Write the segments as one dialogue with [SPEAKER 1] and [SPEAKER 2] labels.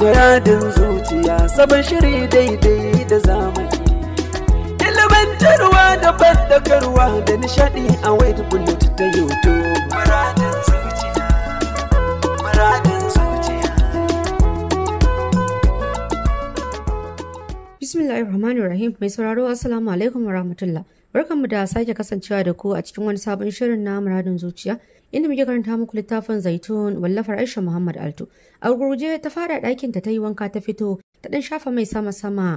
[SPEAKER 1] Muradin zuciya sabon shiri daidai da zamani. Ilimantarwa da bandakarwa da nishadi a wayar bullet ta YouTube. Muradin zuciya, muradin zuciya. Bismillahirrahmanirrahim mai sauraro Assalamu alaikum wa rahmatullah. Barkanmu da sake kasancewa da ku a cikin wani sabon shirin na muradin zuciya. inda muke karanta muku littafin zaitun wallafar aisha muhammad altu a gurguje ta fara ɗakin ta yi wanka ta fito ta ɗan shafa mai sama sama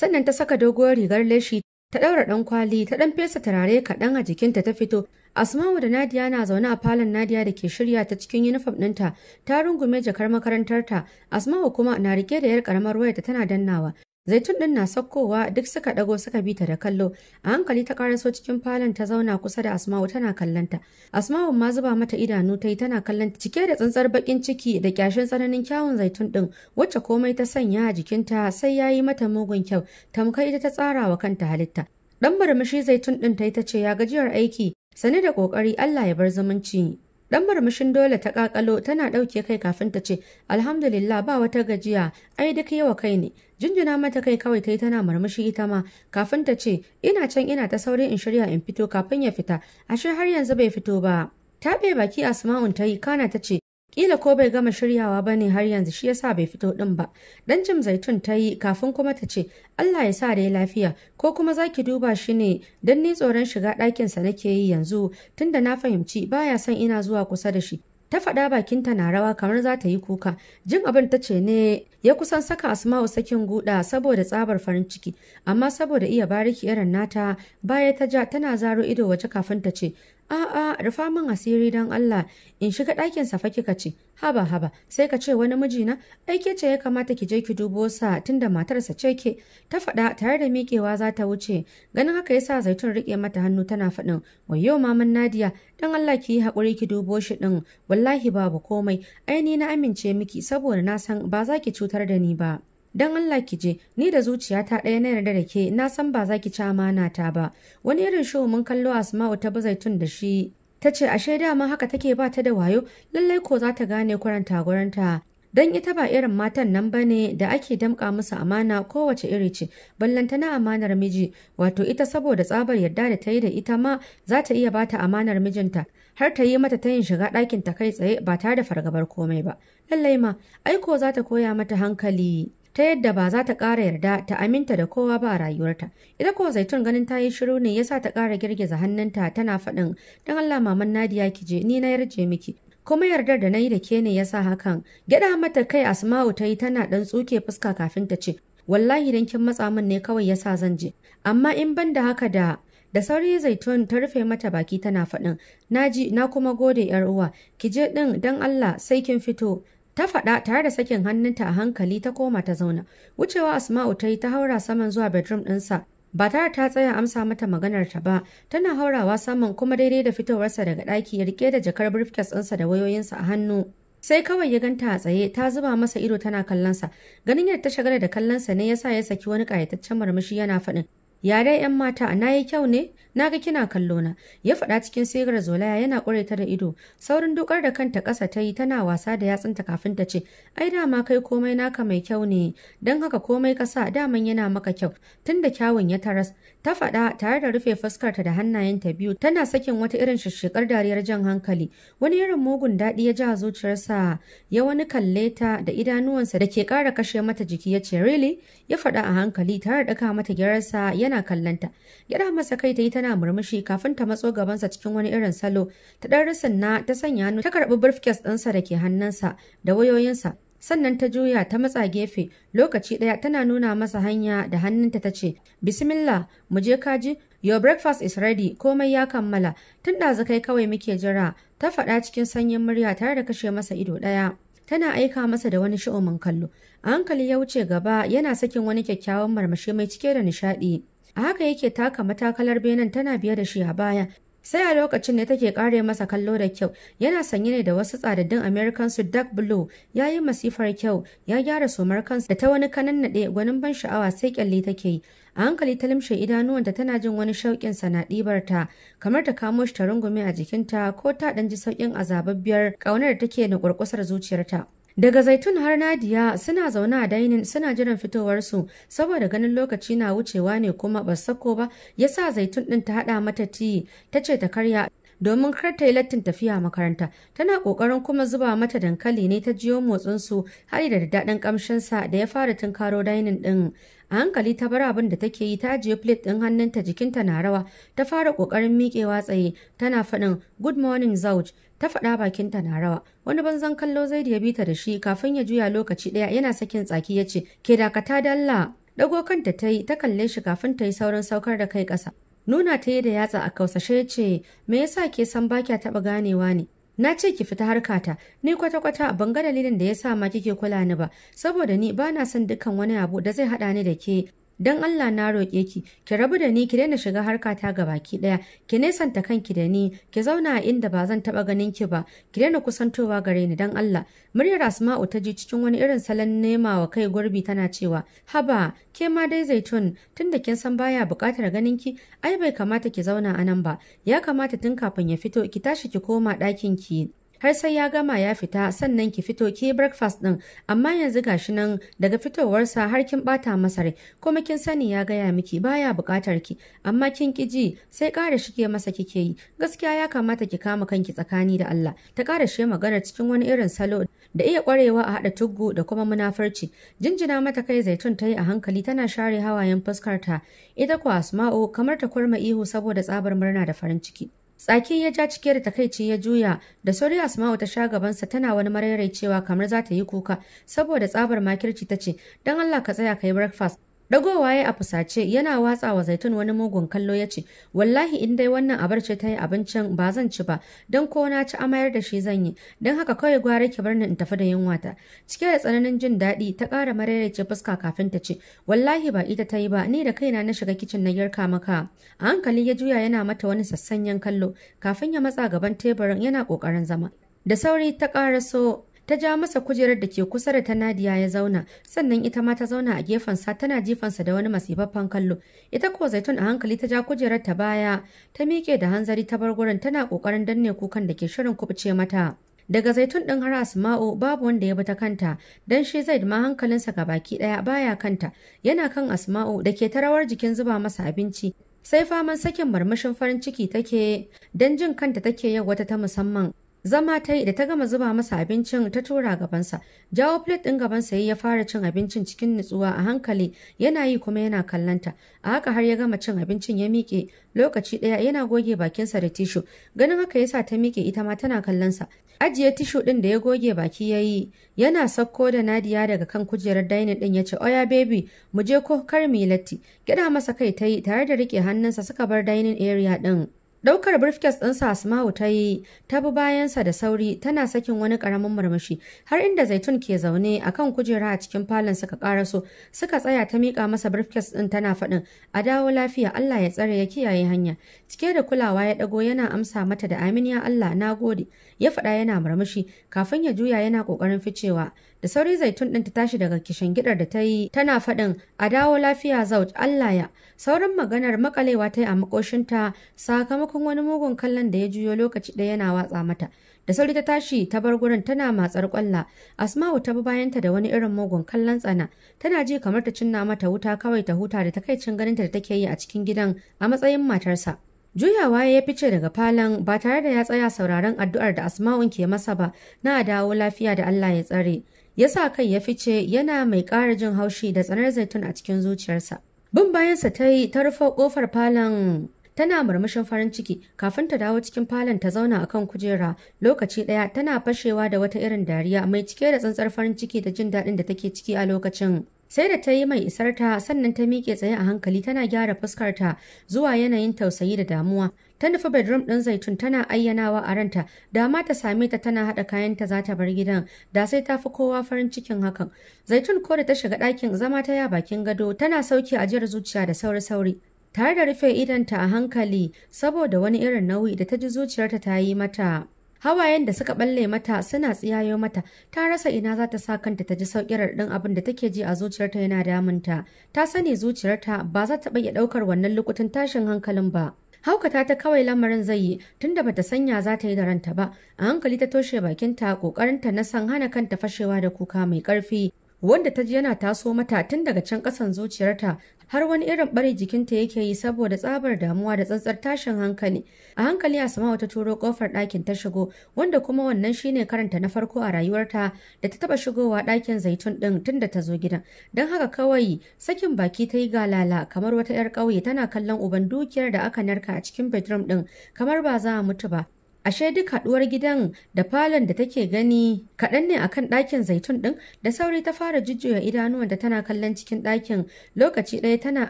[SPEAKER 1] sannan ta saka doguwar rigar leshi ta ɗaura ɗan kwali ta ɗan fesa turare kaɗan a jikinta ta fito asma'u da nadiya na zaune a falon nadiya da ke shirya ta cikin yunifom ɗinta ta rungume jakar makarantarta asma'u kuma na rike da yar ƙaramar wayarta tana dannawa zaitun ɗin na saukowa duk suka dago suka bi ta da kallo a hankali ta karaso cikin falon ta zauna kusa da asma'u tana kallonta asma'u ma zuba mata idanu ta yi tana kallon cike da tsantsar bakin ciki da kyashin tsananin kyawun zaitun ɗin wacce komai ta sanya a jikinta sai ya yi mata mugun kyau tamka ita ta tsara wa kanta halitta ɗan murmushi zaitun ɗin ta yi ta ce ya gajiyar aiki sane da ƙoƙari allah ya bar zumunci Dan murmushin dole ta kakalo tana ɗauke kai kafin ta ce, Alhamdulillah ba wata gajiya, ai duk yawa kai ne. Jinjina mata kai kawai ta tana murmushi ita ma, kafin ta ce, Ina can ina ta saurin in shirya in fito kafin ya fita, ashe har yanzu bai fito ba. Taɓe baki Asma'un ta yi kana ta ce, Kila ko bai gama shiryawa ba ne har yanzu shi yasa bai fito din ba. Dan jim zaitun ta yi kafin kuma ta ce Allah ya sa dai lafiya ko kuma za ki duba shi ne don ni tsoron shiga ɗakinsa nake yi yanzu tunda na fahimci baya son ina zuwa kusa da shi. ta faɗa bakinta na rawa kamar za ta yi kuka jin abin ta ce ne ya kusan saka asma'u sakin guda saboda tsabar farin ciki amma saboda iya bariki irin nata baya ta ja tana zaro ido waje kafin ta ce a'a rufa min asiri don Allah in shiga ɗakin safa fa kika ce haba haba sai ka ce wani mijina aike ce ya kamata ki je ki dubo sa tunda matarsa ce ke ta faɗa tare da miƙewa za ta wuce ganin haka yasa zaitun riƙe mata hannu tana faɗin wayo maman Nadiya dan Allah ki yi haƙuri ki dubo shi ɗin wallahi babu komai ai ni na amince miki saboda na san ba za ki cutar da ni ba. don Allah ki je ni da zuciyata ɗaya na yarda da ke na san ba za ki ci amana ta ba wani irin show mun kallo Asma'u ta bazaitun da shi ta ce ashe dama haka take ba ta da wayo lallai ko za ta gane kuranta tagoranta don ita ba irin matan nan ba ne da ake damƙa musu amana kowace iri ce na amanar miji wato ita saboda tsabar yarda da ta yi da ita ma za ta iya bata amanar mijinta har ta yi mata ta yin shiga ɗakin ta kai tsaye ba tare da fargabar komai ba lallai ma aiko za ta koya mata hankali ta yadda ba za ta ƙara yarda ta aminta da kowa ba a rayuwarta ita ko zaitun ganin ta yi shiru ne yasa ta ƙara girgiza hannunta tana faɗin don Allah maman Nadiya ki je ni na yarje miki kuma yardar da na yi da ke ne yasa hakan gyaɗa mata kai Asma'u ta yi tana ɗan tsuke fuska kafin ta ce wallahi dan kin matsa min ne kawai yasa zan je amma in ban da haka da da sauri zaitun ta rufe mata baki tana faɗin naji na kuma gode yar uwa ki je ɗin don Allah sai kin fito ta faɗa tare da sakin hannunta a hankali ta koma ta zauna wucewa asma'u ta yi ta haura saman zuwa bedroom ɗinsa ba tare ta tsaya amsa mata maganar ta ba tana haurawa saman kuma daidai da fitowarsa daga ɗaki ya rike da jakar briefcase ɗinsa da wayoyinsa a hannu sai kawai ya ganta a tsaye ta zuba masa ido tana kallonsa ganin yadda ta shagala da kallonsa ne yasa ya saki wani ƙayataccen murmushi yana faɗin ya dai yan mata na yi kyau ne na ga kina kallo na ya faɗa cikin sigar zolaya yana ƙure ta da ido saurin dukar da kanta ƙasa ta yi tana wasa da yatsunta kafin ta ce ai dama kai komai naka mai kyau ne don haka komai ka sa daman yana maka kyau tun da kyawun ya taras ta faɗa tare da rufe fuskarta da hannayenta biyu tana sakin wata irin shishshikar dariyar jan hankali wani irin mugun daɗi ya ji zuciyarsa ya wani kalle ta da idanuwansa da ke ƙara kashe mata jiki ya ce really ya faɗa a hankali tare da ɗaka mata gyararsa yana kallanta gyara masa kai ta yi tana tana murmushi kafin ta matso gabansa cikin wani irin salo ta dan na ta sanya hannu ta karbi briefcase ɗinsa da ke hannunsa da wayoyinsa sannan ta juya ta matsa gefe lokaci ɗaya tana nuna masa hanya da hannunta ta ce bismillah mu je kaji your breakfast is ready komai ya kammala tun ɗazu kai kawai muke jira ta faɗa cikin sanyin murya tare da kashe masa ido ɗaya tana aika masa da wani sha'umin kallo a hankali ya wuce gaba yana sakin wani kyakkyawan marmashi mai cike da nishaɗi a haka yake taka matakalar benen tana biye da shi a baya sai a lokacin ne take kare masa kallo da kyau yana sanye ne da wasu tsadaddun american su dark blue ya yi masifar kyau ya gyara somar kansa da ta wani kanan naɗe gwanin ban sha'awa sai kyalle take yi a hankali ta limshe idanuwanta tana jin wani shauƙin sa na ɗibar ta kamar ta kamo shi ta rungume a jikinta ko ta ɗan ji sauƙin azababbiyar ƙaunar da take na ƙurƙusar zuciyarta Daga Zaitun har Nadiya suna zaune a dainin suna jiran fitowarsu saboda ganin lokaci na wucewa ne kuma ba sako ba ya sa Zaitun ɗin ta haɗa mata tiyi ta ce ta karya domin kar ta yi lattin tafiya makaranta tana kokarin kuma zuba mata dankali ne ta jiyo motsin su har da daɗin kamshin sa da ya fara tunkaro dainin ɗin a hankali ta bar abin da take yi ta ajiye plate din hannunta jikinta na rawa ta fara kokarin miƙewa tsaye tana faɗin good morning zauj ta faɗa bakinta na rawa wani banzan kallo zai da ya bi ta da shi kafin ya juya lokaci ɗaya yana sakin tsaki ya ce ke dakata dalla dago kanta ta yi ta kalle shi kafin ta yi saurin saukar da kai ƙasa nuna ta yi da yatsa a kausashe ce me yasa ke san ba kya taɓa ganewa ne na ce ki fita harkata ni kwata-kwata ban ga dalilin da ya sa ma kike kula ni ba saboda ni ba na son dukkan wani abu da zai haɗa ni da ke don Allah na roƙe ki ki rabu da ni ki daina shiga harkata ga baki ɗaya ki nesanta kanki da ni ki zauna a inda ba zan taɓa ganin ki ba ki daina kusantowa gare ni don Allah muryar Asma'u ta ji cikin wani irin salon nema wa kai gurbi tana cewa haba ke ma dai zaitun tunda kin san baya buƙatar ganin ki ai bai kamata ki zauna a nan ba ya kamata tun kafin ya fito ki tashi ki koma ɗakin ki har sai ya gama ya fita sannan ki fito ki breakfast din amma yanzu gashi nan daga fitowarsa har kin bata masa rai kuma kin sani ya gaya miki baya bukatar ki amma kin ki ji sai ƙara shige masa kike yi gaskiya ya kamata ki kama kanki tsakani da Allah ta ƙara she magana cikin wani irin salo da iya kwarewa a haɗa tuggu da kuma munafarci jinjina mata kai zaitun ta yi a hankali tana share hawayen fuskarta ita kwa asma'u kamar ta kurma ihu saboda tsabar murna da farin ciki Tsaki ya ja cike da takaici ya juya da sauri Asma'u ta sha gabansa tana wani mararai cewa kamar za ta yi kuka saboda tsabar makirci ta ce don Allah ka tsaya ka yi breakfast Dagowa ya a fusace yana watsa wa zaitun wani mugun kallo ya ce, Wallahi in dai wannan abar ce ta yi abincin ba zan ci ba, don ko na ci amayar da shi zan yi, don haka kawai gwara ke bar in tafi da ta Cike da tsananin jin daɗi ta ƙara mararece fuska kafin ta ce, Wallahi ba ita ta yi ba, ni da kaina na shiga kicin na girka maka. A hankali ya juya yana mata wani sassanyen kallo, kafin ya matsa gaban teburin yana ƙoƙarin zama. Da sauri ta ƙara so ta ja masa kujerar da ke kusa da ta Nadiya ya zauna sannan ita ma ta zauna a gefensa tana jifansa da wani masifaffen kallo ita ko zaitun a hankali ta ja kujerar ta baya ta miƙe da hanzari ta bar gurin tana ƙoƙarin danne kukan da ke shirin kubuce mata daga zaitun ɗin har asma'u babu wanda ya bi ta kanta dan shi zaid ma hankalinsa ga baki ɗaya baya kanta yana kan asma'u da ke ta rawar jikin zuba masa abinci sai faman sakin marmashin farin ciki take don jin kanta take yau wata ta musamman Zama ta yi da ta gama zuba masa abincin ta tura gabansa. Jawo plate ɗin sa ya fara cin abincin cikin nutsuwa a hankali yana yi kuma yana kallanta. A haka har ya gama cin abincin ya miƙe lokaci ɗaya yana goge bakinsa da tishu. Ganin haka yasa ta miƙe ita ma tana kallonsa. Ajiye tishu ɗin da ya goge baki ya yi yana sakko da Nadiya daga kan kujerar dainin ɗin ya ce oya baby mu je ko kar mu yi latti. Gida masa kai ta yi tare da riƙe hannunsa suka bar dainin area ɗin. Daukar briefcase ɗinsa Asma'u ta yi, ta bi bayansa da sauri tana sakin wani ƙaramin murmushi har inda Zaitun ke zaune a kan kujera a cikin falon suka ƙaraso suka tsaya ta miƙa masa briefcase ɗin tana faɗin a dawo lafiya Allah ya tsare ya kiyaye hanya. Cike da kulawa ya ɗago yana amsa mata da aminiya Allah na gode. ya faɗa yana murmushi kafin ya juya yana ƙoƙarin ficewa da sauri zaitun ɗin ta tashi daga kishin gidar da ta yi tana faɗin a dawo lafiya zauj Allah ya saurin maganar makalewa ta yi a makoshinta sakamakon wani mugun kallon da ya juyo lokaci ɗaya yana watsa mata da sauri ta tashi ta bar gurin tana matsar kwalla asma'u ta bi bayanta da wani irin mugun kallon tsana tana ji kamar ta cinna mata wuta kawai ta huta da takaicin ganinta da take yi a cikin gidan a matsayin matarsa Juyawa ya fice daga falon ba tare da ya tsaya sauraron addu'ar da Asma'un ke masa ba na dawo lafiya da Allah ya tsare. Ya sa kai ya fice yana mai ƙara jin haushi da tsanar zaitun a cikin zuciyarsa. Bin bayansa ta yi ta rufe kofar falon tana murmushin farin ciki kafin ta dawo cikin falon ta zauna akan kujera lokaci ɗaya tana fashewa da wata irin dariya mai cike da tsantsar farin ciki da jin daɗin da take ciki a lokacin sai da ta yi mai isarta sannan ta miƙe tsaye a hankali tana gyara fuskar ta zuwa yanayin tausayi da damuwa ta nufi bedroom ɗin zaitun tana ayyanawa a ranta da ma ta same ta tana haɗa kayanta za ta bar gidan da sai ta fi kowa farin cikin hakan zaitun ko da ta shiga ɗakin zama ta ya bakin gado tana sauki ajiyar zuciya da sauri sauri tare da rufe idanta a hankali saboda wani irin nauyi da ta ji zuciyarta ta yi mata hawayen da suka balle mata suna tsiyayo mata ta rasa ina za ta sa kanta ta ji sauƙi raɗin abin da take ji a zuciyarta yana damunta ta sani zuciyarta ba za ta iya ɗaukar wannan lukutan tashin hankalin ba haukata ta kawai lamarin zai yi tunda bata sanya za ta yi da ranta ba a hankali ta toshe bakinta kokarinta na san hana kanta fashewa da kuka mai ƙarfi. wanda ta ji yana taso mata tun daga can ƙasan zuciyarta har wani irin ɓare jikinta yake yi saboda tsabar damuwa da tsantsar tashin hankali a hankali asma'u ta turo kofar ɗakin ta shigo wanda kuma wannan shine karanta na farko a rayuwarta da ta taba shigowa ɗakin zaitun ɗin tun da ta zo gidan don haka kawai sakin baki ta yi galala kamar wata 'yar ƙauye tana kallon uban dukiyar da aka narka a cikin bedroom ɗin kamar ba za a mutu ba ashe duk haɗuwar gidan da falon da take gani kaɗan ne akan ɗakin zaitun ɗin da sauri ta fara jujjuya idanuwan da tana kallon cikin ɗakin lokaci ɗaya tana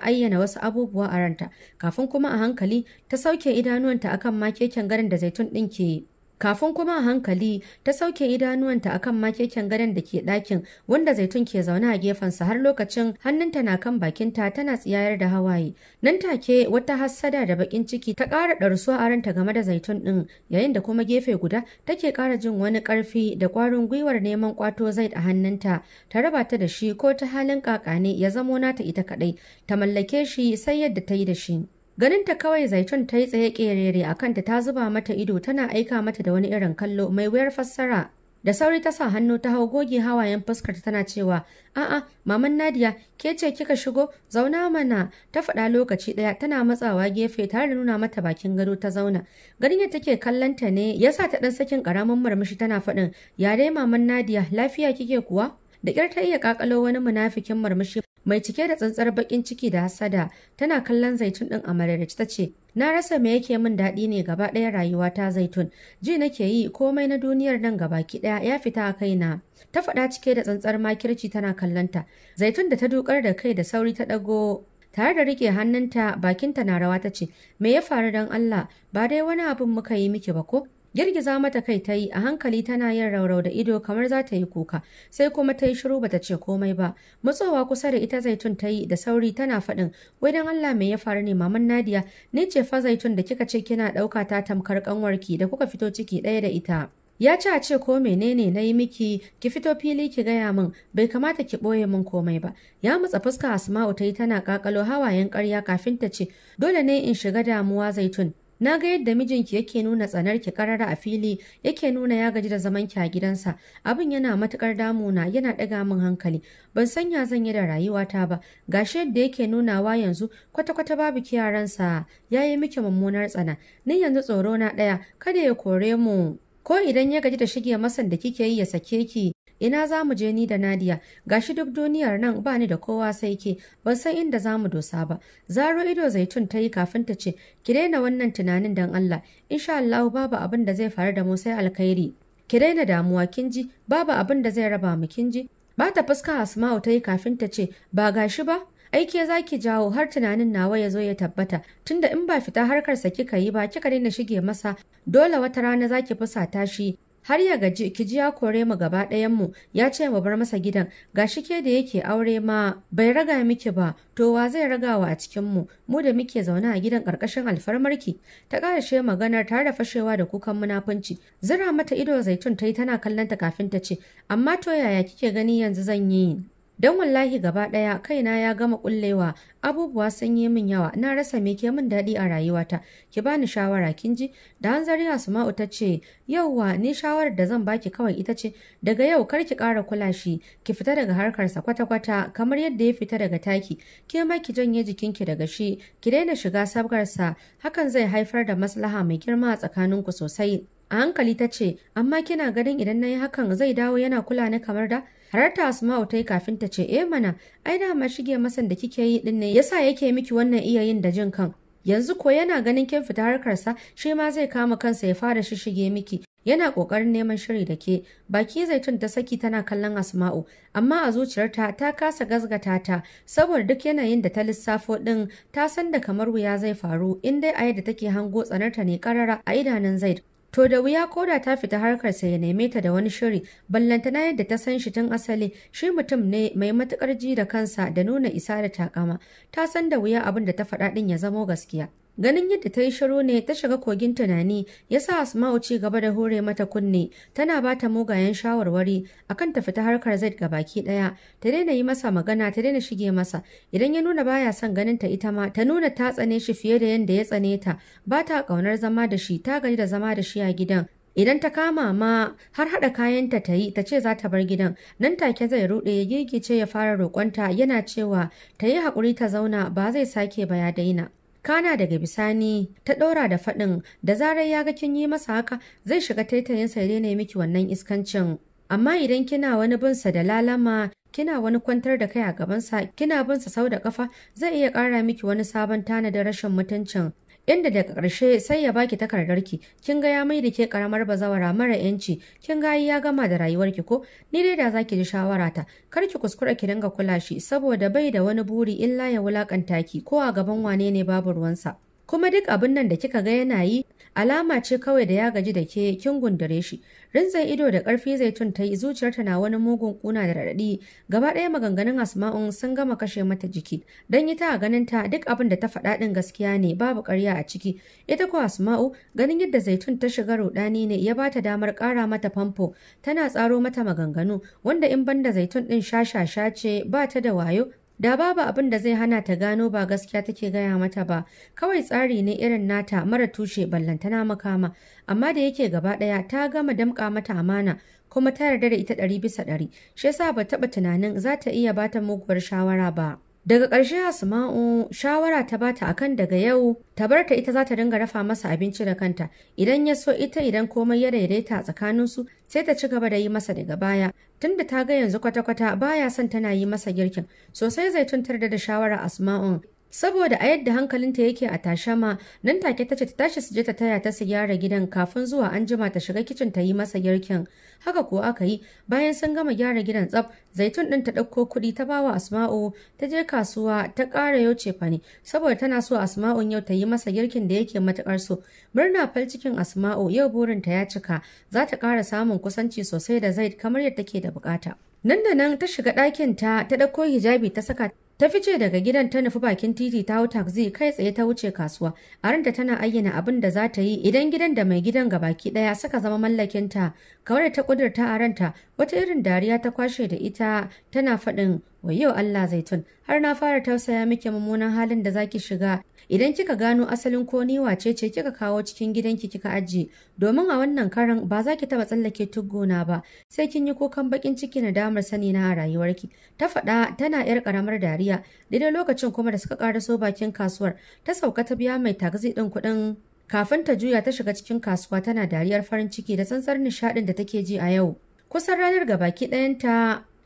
[SPEAKER 1] ayyana wasu abubuwa a ranta kafin kuma a hankali ta sauke idanuwanta akan makeken garin da zaitun ɗin ke kafin kuma a hankali ta sauke idanuwanta akan makeken gadon da ke ɗakin wanda zaitun ke zaune a gefensa har lokacin hannunta na kan bakinta tana tsiyayar da hawaye nan take wata hassada da bakin ciki ta ƙara ɗarsuwa a ranta game da zaitun ɗin yayin da kuma gefe guda take ƙara jin wani ƙarfi da ƙwarin gwiwar neman ƙwato zai a hannunta ta raba ta da shi ko ta halin ƙaƙane ya zamo nata ita kaɗai ta mallake shi sai yadda ta yi da shi. Ganinta kawai zaitun ta yi tsaye kerere a kanta ta zuba mata ido tana aika mata da wani irin kallo mai wayar fassara. Da sauri ta sa hannu ta hau goge hawayen fuskarta tana cewa, A'a, maman Nadiya, ke ce kika shigo, zauna mana, ta faɗa lokaci ɗaya tana matsawa gefe tare da nuna mata bakin gado ta zauna. Garin ya take kallanta ne, yasa ta ɗan sakin ƙaramin murmushi tana faɗin, ya dai maman Nadiya, lafiya kike kuwa? da ƙyar ta iya ƙaƙalo wani munafikin murmushi. mai cike da tsantsar bakin ciki da hasada tana kallon zaitun din a ta ce na rasa me yake min daɗi ne gaba ɗaya rayuwa ta zaitun ji nake yi komai na duniyar nan gaba ki ɗaya ya fita a kaina ta faɗa cike da tsantsar makirci tana kallonta zaitun da ta dukar da kai da sauri ta ɗago tare da rike hannunta bakinta na rawa ta ce me ya faru don Allah ba dai wani abin muka yi miki ba ko girgiza mata kai ta yi a hankali tana yin raurau da ido kamar za ta yi kuka sai kuma ta yi shiru bata ce komai ba matsowa kusa da ita zaitun ta yi da sauri tana faɗin wai dan Allah me ya faru ne maman Nadiya ni ce fa zaitun da kika ce kina ɗauka ta tamkar kanwarki da kuka fito ciki ɗaya da ita ya ci a ce ko menene na yi miki ki fito fili ki gaya min bai kamata ki ɓoye min komai ba ya matsa fuska asma'u ta yi tana kakalo hawayen ƙarya kafin ta ce dole ne in shiga damuwa zaitun Na ga yadda mijinki yake nuna tsanar ki karara a fili, yake nuna ya gaji da zaman ki a gidansa. Abin yana matukar damuna, yana ɗaga min hankali. Ban san ya zan yi da rayuwata ba. Gashi yadda yake nunawa yanzu, kwata-kwata babu kiyaransa. Ya yi miki mummunar tsana. Ni yanzu tsoro na ɗaya, kada ya kore mu. Ko idan ya gaji da shige masan da kike yi ya sake ki, Ina za mu je ni da Nadia, gashi duk duniyar nan ba ni da kowa sai ke, ban san inda za mu dosa ba. Zaro ido zaitun ta yi kafin ta ce, ki daina wannan tunanin dan Allah, insha Allah babu abin da zai faru da mu sai alkhairi. Ki daina damuwa kin ji, babu abin da zai raba mu kin ji. Ba ta fuska Asma'u ta yi kafin ta ce, ba gashi ba, aike za ki jawo har tunanin nawa ya zo ya tabbata tunda in ba fita harkarsa kika yi ba kika daina shige masa dole wata rana za ki fusata shi har ya gaji ki ji ya kore mu gaba ɗayan mu ya ce mu bar masa gidan gashi ke da yake aure ma bai raga miki ba to wa zai ragawa a cikin mu mu da muke zaune a gidan karkashin alfarmarki ta karashe maganar tare da fashewa da kukan munafunci zira mata ido zaitun ta yi tana kallon ta kafin ta ce amma to yaya kike gani yanzu zan yi Don wallahi gaba ɗaya kaina ya gama ƙullewa abubuwa sun yi min yawa na rasa me ke min daɗi a rayuwata ki bani shawara kin ji da hanzari Asma'u ta ce yauwa ni shawarar da zan baki kawai ita ce daga yau kar ki ƙara kula shi ki fita daga harkarsa kwata-kwata kamar yadda ya fita daga taki ke ma ki janye jikinki daga shi ki daina shiga sabgarsa hakan zai haifar da maslaha mai girma a tsakaninku sosai a hankali ta ce amma kina ganin idan na yi hakan zai dawo yana kula ni kamar da hararta asma'u ta yi kafin ta ce eh mana ai ma shige masan da kike yi din ne yasa yake miki wannan iya yin da jin kan yanzu ko yana ganin kin fita harkarsa shi ma zai kama kansa ya fara shi shige miki yana kokarin neman shiri da ke baki zaitun ta saki tana kallon asma'u amma a zuciyarta ta kasa gazgata ta saboda duk yanayin da ta lissafo din ta san da kamar wuya zai faru in dai a yadda take hango tsanarta ne karara a idanun zaid To da wuya koda ta fita harkarsa ya neme ta da wani shiri, ballantana yadda ta san shi tun asali, shi mutum ne mai matukar ji da kansa da nuna isa da takama, ta san da wuya abin da ta faɗa ɗin ya zamo gaskiya. Ganin yadda ta yi shiru ne ta shiga kogin tunani ya sa Asma'u ci gaba da hore mata kunne tana ba ta mugayen shawarwari akan ta fita harkar Zaid ga baki ɗaya ta daina yi masa magana ta daina shige masa idan ya nuna baya son ganin ta ita ma ta nuna ta tsane shi fiye da yadda ya tsane ta ba ta ƙaunar zama da shi ta gani da zama da shi a gidan Idan ta kama ma har haɗa kayanta ta yi ta ce za ta bar gidan nan take zai ruɗe ya girgice ya fara roƙonta yana cewa ta yi haƙuri ta zauna ba zai sake ba ya daina. Kana daga bisani ta ɗora da faɗin da zarar ya ga kin yi masa haka zai shiga taitayinsa ya nemi miki wannan iskancin. Amma idan kina wani binsa da lalama kina wani kwantar da kai a gabansa kina binsa sau da kafa zai iya ƙara miki wani sabon tanadin rashin mutuncin inda daga ƙarshe sai ya baki takardar ki kin ga ya mai da ke karamar bazawara mara yanci kin ga ya gama da rayuwarki ko ni dai da zaki ji shawara ta kar ki kuskura ki dinga kula shi saboda bai da wani buri illa ya wulakanta ki ko a gaban wane ne babu ruwansa kuma duk abin nan da kika ga yana yi alama ce kawai da ya gaji da ke kin gundare shi rintsan ido da ƙarfi zaitun ta yi zuciyarta na wani mugun kuna da raɗaɗi gaba ɗaya maganganun asma'un sun gama kashe mata jiki Don yi ta ganin ta duk abin da ta faɗa ɗin gaskiya ne babu ƙarya a ciki ita ko asma'u ganin yadda zaitun ta shiga ruɗani ne ya bata damar ƙara mata famfo tana tsaro mata maganganu wanda in banda zaitun ɗin shashasha ce ba ta da wayo Da babu abin da zai hana ta gano ba gaskiya take gaya mata ba, kawai tsari ne irin nata mara tushe ballantana makama, amma da yake gaba ɗaya ta gama damƙa mata amana kuma ta yarda da ita ɗari bisa ɗari, shi yasa ba taɓa tunanin za ta iya bata muguwar shawara ba. Daga ƙarshe Asma'u shawara ta bata akan daga yau ta bar ta ita za ta dinga rafa masa abinci da kanta idan ya so ita idan komai ya daidaita tsakanin su sai ta ci gaba da yi masa daga baya tunda ta ga yanzu kwata-kwata baya son tana yi masa girkin sosai zai tuntar da shawara Asma'u saboda a yadda hankalinta yake a tashama nan take tace ta tashi su je ta taya ta su gyara gidan kafin zuwa anjima ta shiga kicin ta yi masa girkin haka ko aka yi bayan sun gama gyara gidan tsaf zaitun ɗin ta ɗauko kuɗi ta bawa asma'u ta je kasuwa ta ƙara yau cefane saboda tana so asma'un yau ta yi masa girkin da yake matuƙar so murna fal cikin asma'u yau burinta ya cika za ta ƙara samun kusanci sosai da zaid kamar yadda take da buƙata nan da nan ta shiga ɗakin ta ta ɗauko hijabi ta saka Ta fice daga gidan ta nufi bakin titi ta hau taxi kai tsaye ta wuce kasuwa. A ranta tana ayyana abin da za ta yi idan gidan da mai gidan ga baki daya suka zama mallakinta. kawai ta kudurta a ranta wata irin dariya ta kwashe da ita tana faɗin Wai yau Allah zaitun har na fara tausaya miki mummunan halin da zaki shiga idan kika gano asalin ko ni wace ce kika kawo cikin gidanki kika ajiye domin a wannan karan ba za ki taba tsallake tuggona ba sai kin yi kukan bakin ciki na damar sani na a rayuwarki ta faɗa tana yar karamar dariya daidai lokacin kuma da suka karaso bakin kasuwar ta sauka ta biya mai tagzi ɗin kuɗin kafin ta juya ta shiga cikin kasuwa tana dariyar farin ciki da sansar nishaɗin da take ji a yau kusan ranar gabaki ɗayanta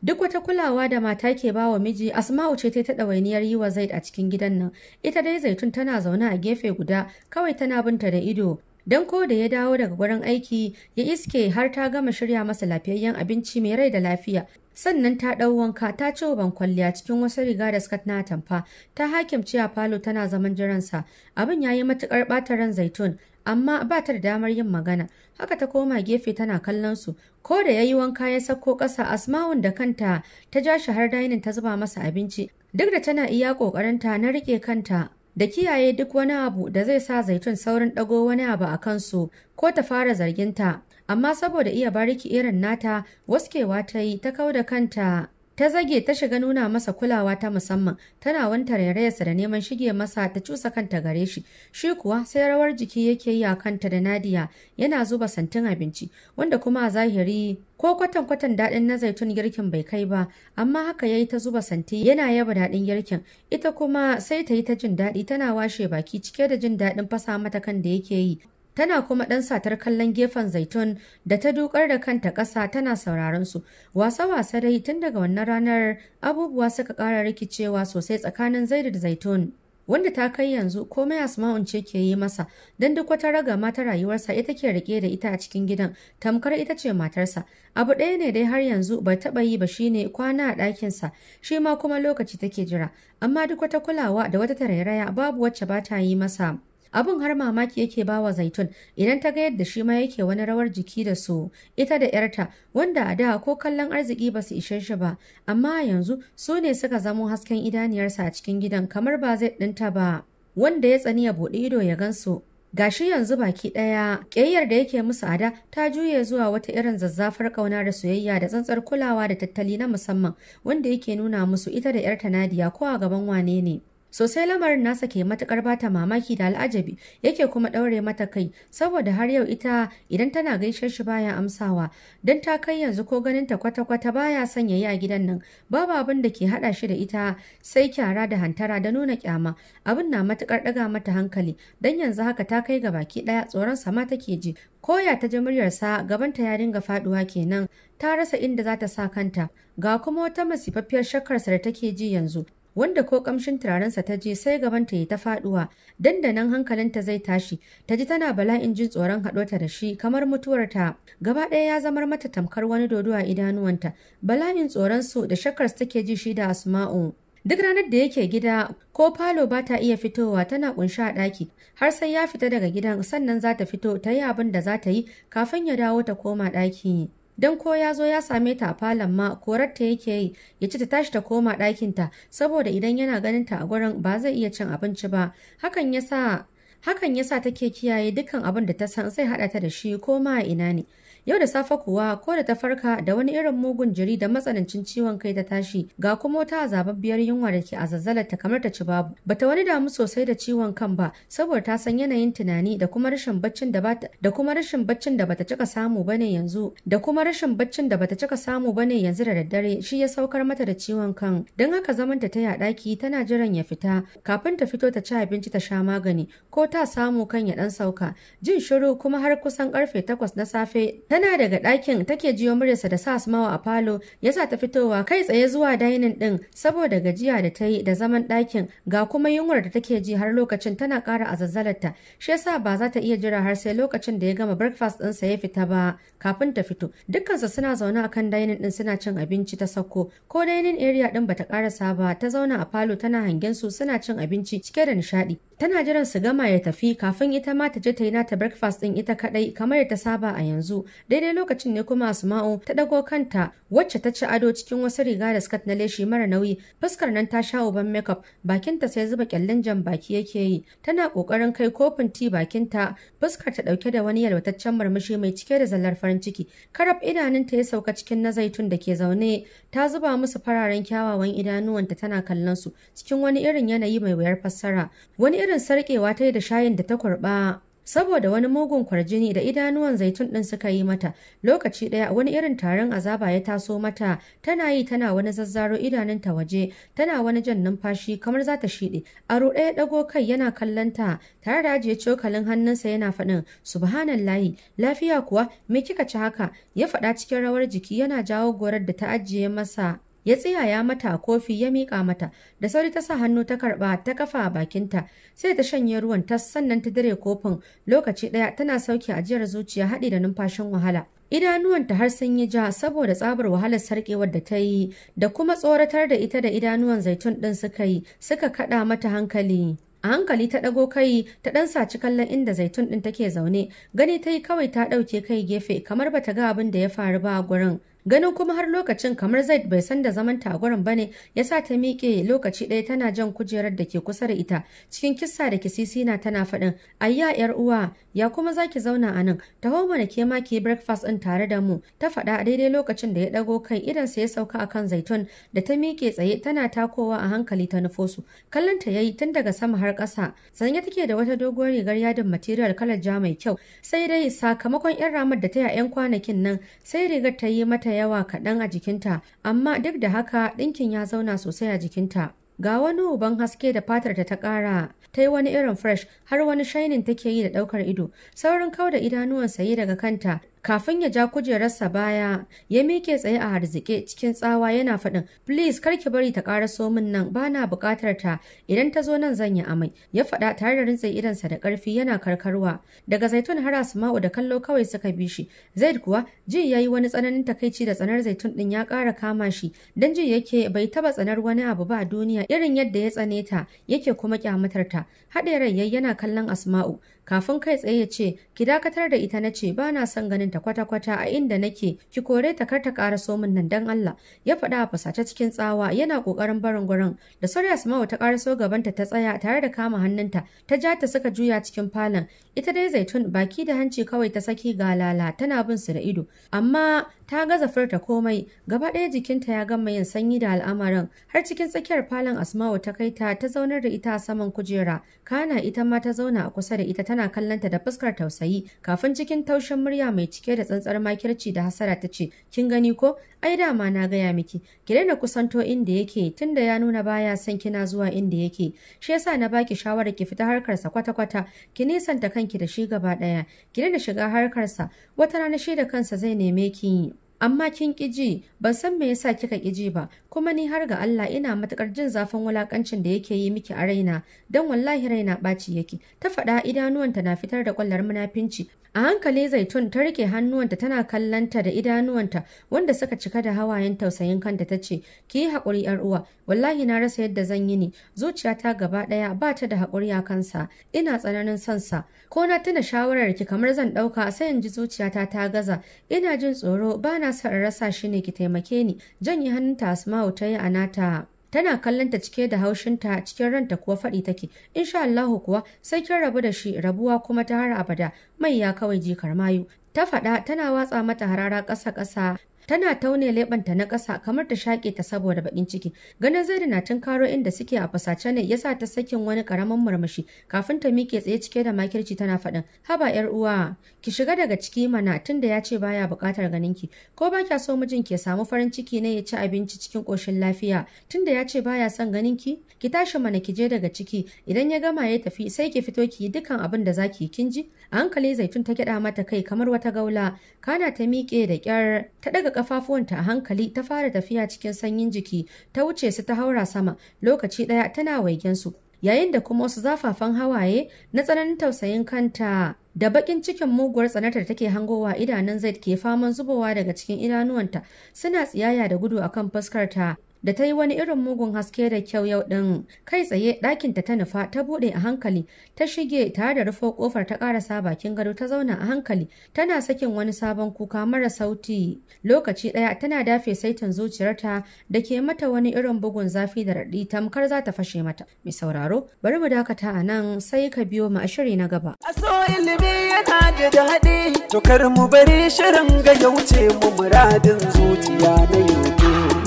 [SPEAKER 1] Duk wata kulawa da mata ke bawa miji, Asma'u ce ta ɗawainiyar yi wa Zaid a cikin gidan nan. Ita dai Zaitun tana zaune a gefe guda, kawai tana binta da ido. Don ko da ya dawo daga wurin aiki, ya iske har ta gama shirya masa lafiyayyen abinci mai rai da lafiya. Sannan ta ɗau wanka ta ci ban kwalliya cikin wasu riga da skat na tamfa. Ta hakimci a falo tana zaman jiransa. Abin ya yi matuƙar ɓata ran Zaitun, amma ba ta da damar yin magana haka ta koma gefe tana kallon su ko da yayi wanka ya sako ƙasa asma'un da kanta ta ja shi har dainin ta zuba masa abinci duk da tana iya ta na rike kanta da kiyaye duk wani abu da zai sa zaitun saurin ɗago wani abu a kansu ko ta fara zarginta amma saboda iya bariki irin nata waskewa ta yi ta kauda kanta ta zage ta shiga nuna masa kulawa ta musamman tana wanta rayarsa da neman shige masa ta cusa kanta gare shi shi kuwa sai rawar jiki yake yi a kanta da nadiya yana zuba santin abinci wanda kuma a zahiri ko kwatan-kwatan daɗin na zaitun girkin bai kai ba amma haka yayi ta zuba santi yana yaba daɗin girkin ita kuma sai ta yi ta jin daɗi tana washe baki cike da jin daɗin fasa mata kan da yake yi tana kuma ɗan satar kallon gefen zaitun da ta dukar da kanta ƙasa tana sauraron su wasa-wasa dai tun daga wannan ranar abubuwa suka ƙara rikicewa sosai tsakanin zaidu da zaitun wanda ta kai yanzu komai asma'un ce ke yi masa don duk wata raga mata rayuwarsa ita ke rike da ita a cikin gidan tamkar ita ce matarsa abu ɗaya ne dai har yanzu bai taɓa yi ba shine kwana a ɗakinsa shi ma kuma lokaci take jira amma duk wata kulawa da wata tarairaya babu wacce ba ta yi masa abin har mamaki yake bawa zaitun idan ta ga yadda shi ma yake wani rawar jiki da su ita da yarta wanda a da ko kallon arziki ba su ishe shi ba amma yanzu su ne suka zamo hasken idaniyarsa a cikin gidan kamar ba zai ɗinta ba wanda ya tsani ya buɗe ido ya gansu gashi yanzu baki ɗaya ƙiyayyar da yake musu ada ta juye zuwa wata irin zazzafar ƙauna da soyayya da tsantsar kulawa da tattali na musamman wanda yake nuna musu ita da 'yarta Nadiya ko a gaban wane ne. Sosai lamarin nasa ke matukar bata mamaki da al'ajabi yake kuma ɗaure mata kai saboda har yau ita idan tana gaishe shi baya amsawa don ta kai yanzu ko ganin ta kwata-kwata baya son yi a gidan nan babu abin da ke haɗa shi da ita sai kyara da hantara da nuna kyama abin na matukar ɗaga mata hankali don yanzu haka ta kai ga baki ɗaya tsoron sa sama take ji koya ta ji muryarsa gabanta ya dinga faduwa kenan ta rasa inda za ta sa kanta ga kuma wata masifaffiyar shakarsa da take ji yanzu wanda ko kamshin turarensa ta je sai gabanta ya ta faduwa dandanan hankalinta zai tashi ta ji tana bala'in jin tsoron ta da shi kamar mutuwarta gaba ɗaya ya zamar mata tamkar wani dodo a idanuwanta bala'in tsoron su da shakarsu take ji shi da asma'u Duk ranar da yake gida ko falo ba ta iya fitowa tana kunshi a ɗaki har sai ya fita daga gidan sannan za ta fito ta yi abin da za ta yi kafin ya dawo ta koma ɗaki. don ko ya zo ya same ta a falon ma korar ta yake yi ya ci ta tashi ta koma ɗakinta saboda idan yana ganin ta a gurin ba zai iya cin abinci ba hakan ya sa hakan yasa take kiyaye dukkan abin da ta san sai haɗa ta da shi ko ma a ina ne Yau da safe kuwa ko da ta farka da wani irin mugun jiri da matsanancin ciwon kai ta tashi ga kuma wata zababbiyar yunwa da ke azazzalar ta kamar ta ci babu. Bata wani damu sosai da ciwon kan ba saboda ta san yanayin tunani da kuma rashin baccin da bata da kuma rashin baccin da bata cika samu bane yanzu da kuma rashin baccin da bata cika samu bane yanzu da daddare shi ya saukar mata da ciwon kan. dan haka zaman ta taya daki tana jiran ya fita kafin ta fito ta ci abinci ta sha magani ko ta samu kan ya dan sauka. Jin shiru kuma har kusan karfe takwas na safe Tana daga ɗakin take jiyo muryarsa da sa mawa a falo ya sa ta fitowa kai tsaye zuwa dainin ɗin saboda gajiya da ta yi da zaman ɗakin ga kuma yunwar da take ji har lokacin tana ƙara zazzalarta shi yasa ba za ta iya jira har sai lokacin da ya gama breakfast ɗinsa ya fita ba kafin ta fito dukkansa suna zaune akan dainin ɗin suna cin abinci ta sauko ko dainin area ɗin bata ƙarasa ba ta zauna a falo tana hangen su suna cin abinci cike da nishaɗi Tana jiran su gama ya tafi kafin ita ma ta je ta yi nata breakfast din ita kadai kamar ta saba a yanzu. Daidai lokacin ne kuma Asma'u ta dago kanta wacce ta ci ado cikin wasu riga da skirt na leshi mara nauyi. Fuskar nan ta sha uban makeup, bakinta sai zuba kyallin jan baki yake yi. Tana kokarin kai kofin ti bakinta, fuskar ta dauke da wani yalwataccen murmushi mai cike da zallar farin ciki. Karab idanunta ya sauka cikin na zaitun da ke zaune, ta zuba musu fararen kyawawan idanuwanta tana kallon su cikin wani irin yanayi mai wayar fassara. Wani irin sarƙewa ta yi da shayin da ta kurɓa saboda wani mugun kwarjini da idanuwan zaitun ɗin suka yi mata lokaci ɗaya wani irin taron azaba ya taso mata tana yi tana wani zazzaro idanunta waje tana wani jan numfashi kamar za ta shiɗe aro ɗaya ɗago kai yana kallon ta tare da ajiye cokalin hannunsa yana faɗin subhanallahi lafiya kuwa me kika ci haka ya faɗa cikin rawar jiki yana jawo gorar da ta ajiye masa ya ya mata kofi ya miƙa mata da sauri ta sa hannu ta karɓa ta kafa a bakinta sai ta shanye ruwan ta sannan ta dare kofin lokaci ɗaya tana sauke ajiyar zuciya haɗi da numfashin wahala idanuwanta har sun yi ja saboda tsabar wahalar sarkewar da ta yi da kuma tsoratar da ita da idanuwan zaitun ɗin suka yi suka kaɗa mata hankali a hankali ta ɗago kai ta ɗan saci kallon inda zaitun ɗin take zaune gani ta yi kawai ta ɗauke kai gefe kamar bata ga abin da ya faru ba gurin ganin kuma har lokacin kamar zaid bai san da zaman tagoron bane ya sa ta miƙe lokaci ɗaya tana jan kujerar da ke kusa da ita cikin kissa da na tana faɗin ayya yar uwa ya kuma zaki zauna a nan taho mana ke ma ke breakfast ɗin tare da mu ta faɗa a daidai lokacin da ya ɗago kai idan sa ya sauka akan zaitun da ta miƙe tsaye tana takowa a hankali ta nufo su kallon ta yayi tun daga sama har ƙasa sanye take da wata doguwar rigar yadin material kalar ja mai kyau sai dai sakamakon yan ramar da ta yi 'yan kwanakin nan sai rigar ta yi mata yawa kaɗan a jikinta, amma duk da haka ɗinkin ya zauna sosai a jikinta. Ga wani uban haske da fatar ta ƙara, ta yi wani irin fresh har wani shainin take yi da ɗaukar ido, saurin kau da idanuwan sayi daga kanta Kafin ya ja kujerarsa baya, ya miƙe tsaye a harzike cikin tsawa yana faɗin, "Please, kar ki bari ta ƙaraso min nan, ba na buƙatar ta, idan ta zo nan zan yi amai." Ya faɗa tare da rintse sa da ƙarfi yana karkarwa. Daga zaitun har Asma'u da kallo kawai suka bi shi. Zaid kuwa, ji ya yi wani tsananin takaici da tsanar zaitun ɗin ya ƙara kama shi, dan ji yake bai taɓa tsanar wani abu ba a duniya irin yadda ya tsane ta, yake kuma ƙyamatar ta. Haɗe rai yana kallon Asma'u. kafin kai tsaye ya ce ki dakatar da ita na ce ba na son ganin ta kwata-kwata a inda nake ki kore ta kar ta ƙara so min nan dan Allah ya faɗa a fasace cikin tsawa yana ƙoƙarin barin gurin da sauri Asma'u ta ƙara so gabanta ta tsaya tare da kama hannunta ta ja ta suka juya cikin falon ita dai zaitun baki da hanci kawai ta saki ga lala tana bin su da ido amma ta gaza furta komai gaba ɗaya jikinta ya gama yin sanyi da al'amarin har cikin tsakiyar falon asma'u ta kai ta ta zaunar da ita a saman kujera kana ita ma ta zauna a kusa da ita tana kallonta da fuskar tausayi kafin cikin taushen murya mai cike da tsantsar makirci da hasara ta ce kin gani ko ai dama na gaya miki ki daina kusanto inda yake tunda ya nuna baya son kina zuwa inda yake shi yasa na baki shawarar ki fita harkarsa kwata-kwata ki nisanta kanki da shi gaba ɗaya ki daina shiga harkarsa wata rana shi da kansa zai neme ki amma kin ƙiji ban san me yasa kika ƙiji ba kuma ni har ga Allah ina matukar jin zafin wulakancin da yake yi miki a raina dan wallahi raina ɓaci yake ta faɗa idanuwanta na fitar da kwallar munafinci a hankali zaitun ta rike hannuwanta tana kallanta da idanuwanta wanda suka cika da hawayen tausayin kanta ta ce ki yi haƙuri yar uwa wallahi na rasa yadda zan yi ni zuciyata gaba ɗaya ba ta da haƙuri a kansa ina tsananin son sa ko na tuna shawarar ki kamar zan ɗauka sai in ji zuciyata ta gaza ina jin tsoro bana ina son in rasa shi ne ki taimake ni janye ta asma'u ta yi a nata tana kallon ta cike da haushinta cikin ranta kuwa faɗi take insha Allahu kuwa sai kin rabu da shi rabuwa kuma ta har abada mai ya kawai jikar mayu ta faɗa tana watsa mata harara ƙasa-ƙasa tana taune lebanta na ƙasa kamar ta shaƙe ta saboda baƙin ciki ganin zai na tun karo inda suke a fasace ne yasa ta sakin wani ƙaramin murmushi kafin ta miƙe tsaye cike da makirci tana faɗin haba yar uwa ki shiga daga ciki mana tunda ya ce baya buƙatar ki. ko ba kya so mijin ke samu farin ciki ne ya ci abinci cikin ƙoshin lafiya tunda ya ce baya son ganin ki ki tashi mana ki je daga ciki idan ya gama ya tafi sai ki fito ki yi dukkan abin da zaki yi kin ji a hankali zaitun ta kiɗa mata kai kamar wata gaula kana ta miƙe da ƙyar ta ɗaga kafafuwanta a hankali ta fara tafiya cikin sanyin jiki ta wuce su ta haura sama lokaci ɗaya tana waigen su yayin da kuma wasu zafafan hawaye na tsananin tausayin kanta da bakin cikin muguwar tsanatar take hangowa idanun zaid ke faman zubowa daga cikin idanuwanta suna tsiyaya da gudu akan fuskarta da ta yi wani irin mugun haske da kyau yau ɗin kai tsaye ɗakinta ta nufa ta buɗe a hankali ta shige tare da rufo ƙofar ta ƙarasa bakin gado ta zauna a hankali tana sakin wani sabon kuka mara sauti lokaci ɗaya tana dafe saitin zuciyarta da ke mata wani irin bugun zafi da raɗi tamkar za ta fashe mata mai sauraro bari mu dakata a nan sai ka biyo mu a shiri na gaba. a ilimi yana da daɗi to kar mu bari shirin ga yauce mu muradin zuciya na yau.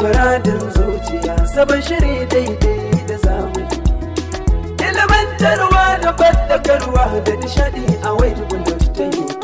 [SPEAKER 1] muradin zuciya sabon shiri daidai da zamani ilimantarwa da fadakarwa da nishadi a wai da ta yi